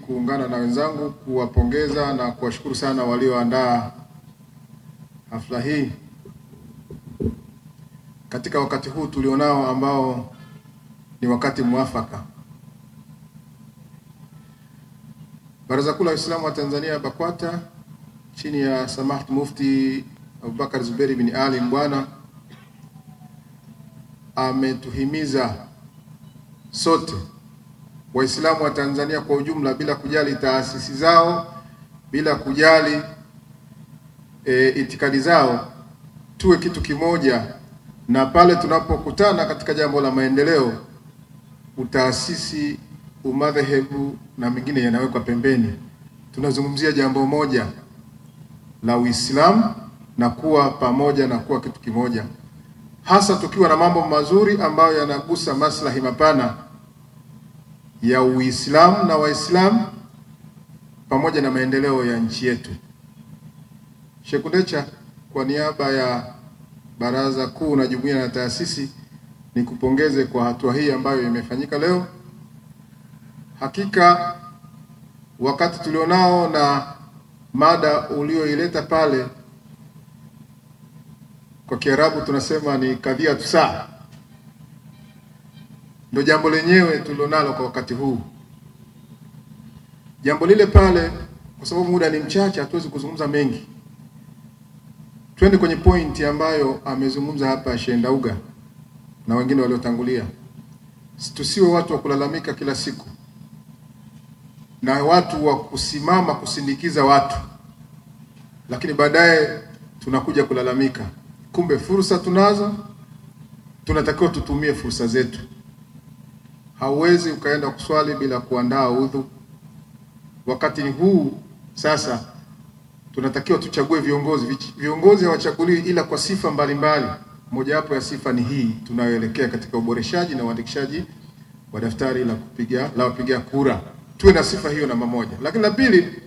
Kuungana na wenzangu kuwapongeza na kuwashukuru sana walioandaa hafla hii katika wakati huu tulionao ambao ni wakati mwafaka. Baraza Kuu la Waislamu wa Tanzania BAKWATA chini ya Samahat Mufti Abubakar Zuberi bin Ali Mbwana ametuhimiza sote Waislamu wa Tanzania kwa ujumla bila kujali taasisi zao, bila kujali e, itikadi zao, tuwe kitu kimoja, na pale tunapokutana katika jambo la maendeleo, utaasisi, umadhehebu na mengine yanawekwa pembeni. Tunazungumzia jambo moja la Uislamu na kuwa pamoja na kuwa kitu kimoja, hasa tukiwa na mambo mazuri ambayo yanagusa maslahi mapana ya Uislamu na Waislamu pamoja na maendeleo ya nchi yetu. Sheikh Kundecha, kwa niaba ya Baraza Kuu na Jumuiya na Taasisi, nikupongeze kwa hatua hii ambayo imefanyika leo. Hakika wakati tulionao na mada ulioileta pale, kwa Kiarabu tunasema ni kadhia tusaa ndio jambo lenyewe tulilonalo kwa wakati huu. Jambo lile pale, kwa sababu muda ni mchache, hatuwezi kuzungumza mengi. Twende kwenye pointi ambayo amezungumza hapa Shendauga na wengine waliotangulia. Tusiwe watu wa kulalamika kila siku na watu wa kusimama kusindikiza watu, lakini baadaye tunakuja kulalamika. Kumbe fursa tunazo, tunatakiwa tutumie fursa zetu hauwezi ukaenda kuswali bila kuandaa udhu. Wakati huu sasa tunatakiwa tuchague viongozi. Viongozi hawachaguliwi ila kwa sifa mbalimbali, mojawapo ya sifa ni hii tunayoelekea katika uboreshaji na uandikishaji wa daftari la kupiga la wapiga kura. Tuwe na sifa hiyo namba moja, lakini la pili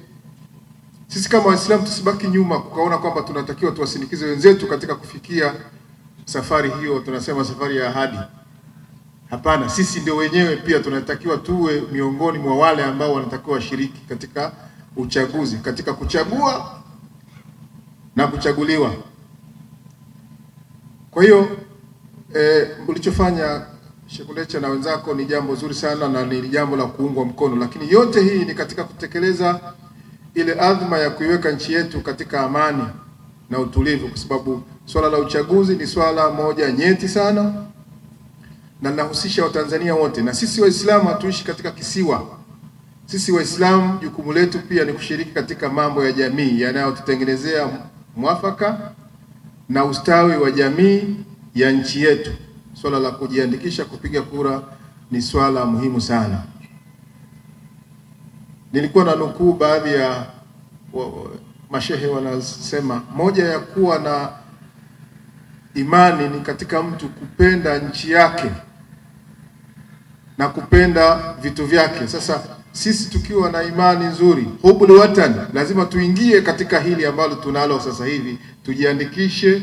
sisi kama Waislamu tusibaki nyuma kukaona kwamba tunatakiwa tuwasindikize wenzetu katika kufikia safari hiyo, tunasema safari ya ahadi. Hapana, sisi ndio wenyewe pia tunatakiwa tuwe miongoni mwa wale ambao wanatakiwa washiriki katika uchaguzi, katika kuchagua na kuchaguliwa. Kwa hiyo eh, ulichofanya Shekulecha na wenzako ni jambo zuri sana na ni jambo la kuungwa mkono, lakini yote hii ni katika kutekeleza ile adhma ya kuiweka nchi yetu katika amani na utulivu, kwa sababu swala la uchaguzi ni swala moja nyeti sana na ninahusisha Watanzania wote, na sisi Waislamu hatuishi katika kisiwa. Sisi Waislamu jukumu letu pia ni kushiriki katika mambo ya jamii yanayotutengenezea mwafaka na ustawi wa jamii ya nchi yetu. Swala la kujiandikisha kupiga kura ni swala muhimu sana. Nilikuwa na nukuu baadhi ya mashehe wanasema, moja ya kuwa na imani ni katika mtu kupenda nchi yake na kupenda vitu vyake. Sasa sisi tukiwa na imani nzuri, hubul watan, lazima tuingie katika hili ambalo tunalo sasa hivi, tujiandikishe,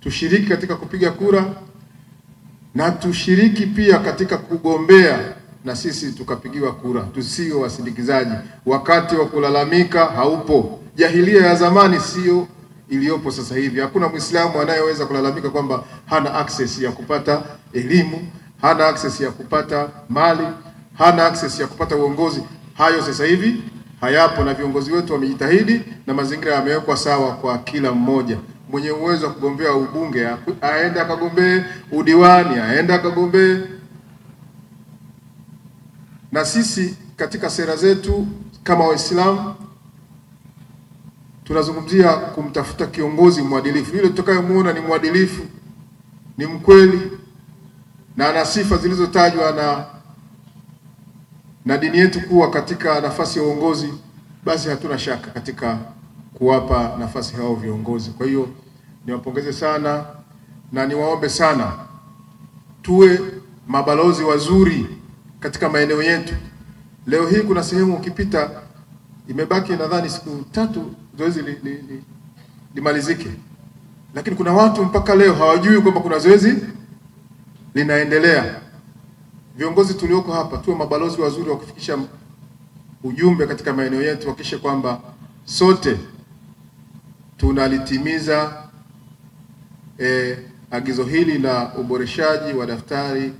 tushiriki katika kupiga kura na tushiriki pia katika kugombea na sisi tukapigiwa kura, tusio wasindikizaji. Wakati wa kulalamika haupo. Jahilia ya zamani sio iliyopo sasa hivi. Hakuna Mwislamu anayeweza kulalamika kwamba hana access ya kupata elimu hana access ya kupata mali, hana access ya kupata uongozi. Hayo sasa hivi hayapo, na viongozi wetu wamejitahidi na mazingira yamewekwa sawa kwa kila mmoja. Mwenye uwezo wa kugombea ubunge aende akagombee, udiwani aende akagombee. Na sisi katika sera zetu kama Waislamu tunazungumzia kumtafuta kiongozi mwadilifu, yule tutakayemuona ni mwadilifu, ni mkweli na ana sifa zilizotajwa na na dini yetu kuwa katika nafasi ya uongozi, basi hatuna shaka katika kuwapa nafasi hao viongozi. Kwa hiyo niwapongeze sana na niwaombe sana tuwe mabalozi wazuri katika maeneo yetu. Leo hii kuna sehemu ukipita, imebaki nadhani siku tatu zoezi li, li, li, limalizike, lakini kuna watu mpaka leo hawajui kwamba kuna zoezi linaendelea. Viongozi tulioko hapa tuwe mabalozi wazuri wa kufikisha ujumbe katika maeneo yetu, tuhakikishe kwamba sote tunalitimiza eh, agizo hili la uboreshaji wa daftari,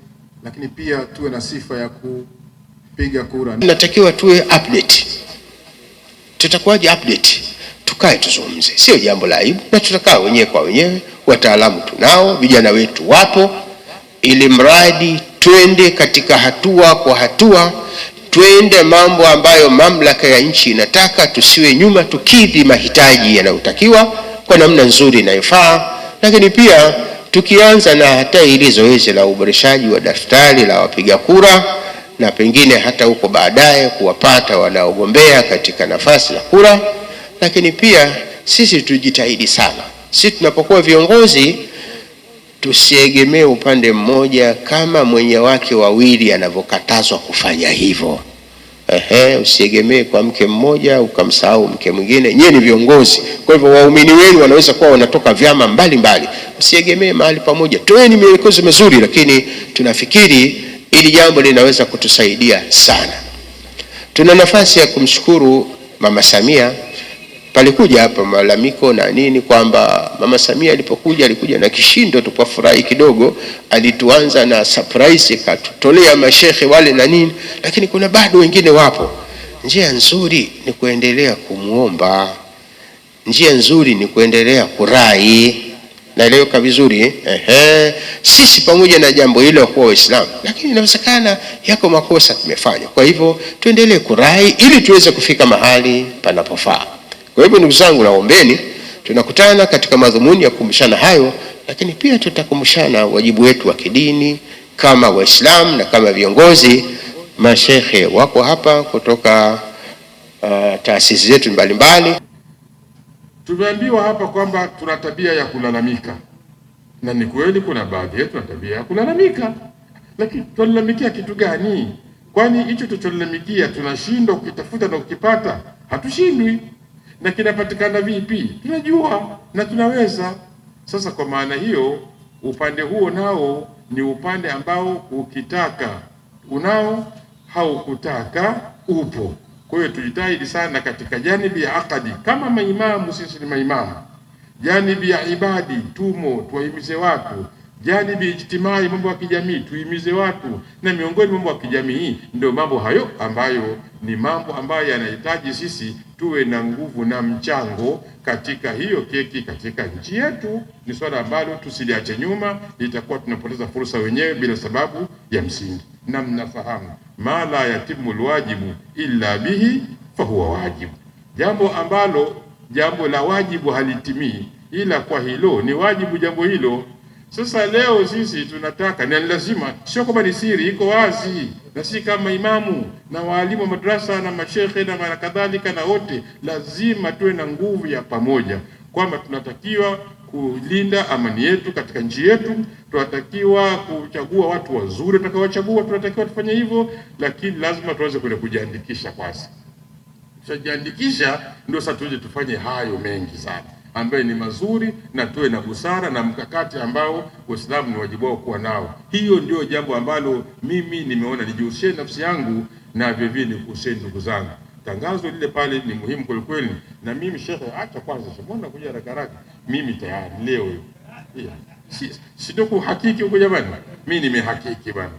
lakini pia tuwe na sifa ya kupiga kura. Natakiwa tuwe update. Tutakuwaje update? Tukae tuzungumze, sio jambo la aibu, na tutakaa wenyewe kwa wenyewe. Wataalamu tunao, vijana wetu wapo ili mradi twende katika hatua kwa hatua, twende mambo ambayo mamlaka ya nchi inataka, tusiwe nyuma, tukidhi mahitaji yanayotakiwa kwa namna nzuri inayofaa. Lakini pia tukianza na hata ili zoezi la uboreshaji wa daftari la wapiga kura na pengine hata huko baadaye kuwapata wanaogombea katika nafasi za kura, lakini pia sisi tujitahidi sana, sisi tunapokuwa viongozi tusiegemee upande mmoja kama mwenye wake wawili anavyokatazwa kufanya hivyo. Ehe, usiegemee kwa mke mmoja ukamsahau mke mwingine. Nyie ni viongozi, kwa hivyo waumini wenu wanaweza kuwa wanatoka vyama mbalimbali. usiegemee mahali pamoja, toeni mielekezo mizuri lakini tunafikiri ili jambo linaweza kutusaidia sana. Tuna nafasi ya kumshukuru Mama Samia palikuja hapa malalamiko na nini kwamba Mama Samia alipokuja alikuja na kishindo, tukafurahi kidogo, alituanza na surprise, katutolea mashehe wale na nini, lakini kuna bado wengine wapo. Njia nzuri ni kuendelea kumwomba, njia nzuri ni kuendelea kurai. Naeleweka vizuri eh? ehe? Sisi pamoja na jambo hilo kwa Waislamu, lakini inawezekana yako makosa tumefanya. Kwa hivyo tuendelee kurai ili tuweze kufika mahali panapofaa. Kwa hivyo ndugu zangu, naombeni, tunakutana katika madhumuni ya kukumbushana hayo, lakini pia tutakumbushana wajibu wetu wa kidini kama Waislamu na kama viongozi. Mashekhe wako hapa kutoka uh, taasisi zetu mbalimbali. Tumeambiwa hapa kwamba tuna tabia ya kulalamika, na ni kweli kuna baadhi yetu na tabia ya kulalamika, lakini tunalalamikia kitu gani? Kwani hicho tunacholalamikia tunashindwa kukitafuta na kukipata? Hatushindwi na kinapatikana vipi, tunajua na tunaweza. Sasa kwa maana hiyo, upande huo nao ni upande ambao ukitaka unao, haukutaka upo. Kwa hiyo tujitahidi sana katika janibi ya akadi, kama maimamu, sisi ni maimamu, janibi ya ibadi tumo, tuwahimize watu janibi ijtimai, mambo ya kijamii, tuimize watu na miongoni mambo ya kijamii ndio mambo hayo ambayo ni mambo ambayo yanahitaji sisi tuwe na nguvu na mchango katika hiyo keki katika nchi yetu. Ni swala ambalo tusiliache nyuma, litakuwa tunapoteza fursa wenyewe bila sababu ya msingi. Na mnafahamu ma la yatimu lwajibu illa bihi fahuwa wajibu, jambo ambalo jambo la wajibu halitimii ila kwa hilo ni wajibu jambo hilo sasa leo sisi tunataka na lazima, sio kwamba ni siri, iko wazi, na si kama imamu na waalimu wa madrasa na mashehe na mara kadhalika, na wote lazima tuwe na nguvu ya pamoja kwamba tunatakiwa kulinda amani yetu katika nchi yetu, tunatakiwa kuchagua watu wazuri tutakaowachagua, tunatakiwa tufanye hivyo, lakini lazima tuweze kule kujiandikisha kwanza. Tukijiandikisha ndio sasa tuje tufanye hayo mengi sana ambaye ni mazuri na tuwe na busara na mkakati ambao Waislamu ni wajibu wao kuwa nao. Hiyo ndio jambo ambalo mimi nimeona nijihusishe nafsi yangu na vilevile nikuhusishe ndugu zangu. Tangazo lile pale ni muhimu kwelikweli, na mimi shekhe, acha kwanza, mbona kuja haraka haraka? Mimi tayari leo hiyo, si ndio huko jamani, mimi nimehakiki bwana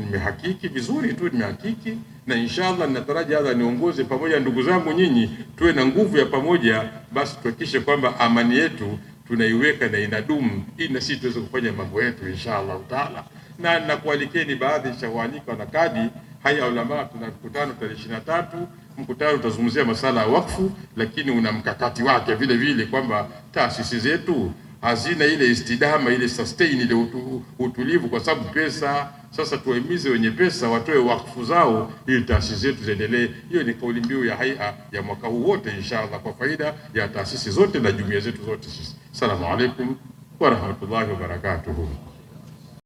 nimehakiki vizuri tu, nimehakiki na inshallah ninataraji hadha niongoze pamoja na ndugu zangu nyinyi, tuwe na nguvu ya pamoja, basi tuhakikishe kwamba amani yetu tunaiweka na inadumu, ili na sisi tuweze kufanya mambo yetu inshallah taala. Na nakualikeni baadhi shawanika na kadi haya ulama, tuna mkutano tarehe ishirini na tatu. Mkutano utazungumzia masala ya wakfu, lakini una mkakati wake vile vile kwamba taasisi zetu hazina ile istidama ile sustain ile utu, utulivu, kwa sababu pesa sasa tuwahimize wenye pesa watoe wakfu zao ili taasisi zetu ziendelee. Hiyo ni kauli mbiu ya haia ya mwaka huu wote, inshallah, kwa faida ya taasisi zote na jumuiya zetu zote sisi. salamu alaykum wa rahmatullahi wa barakatuhu.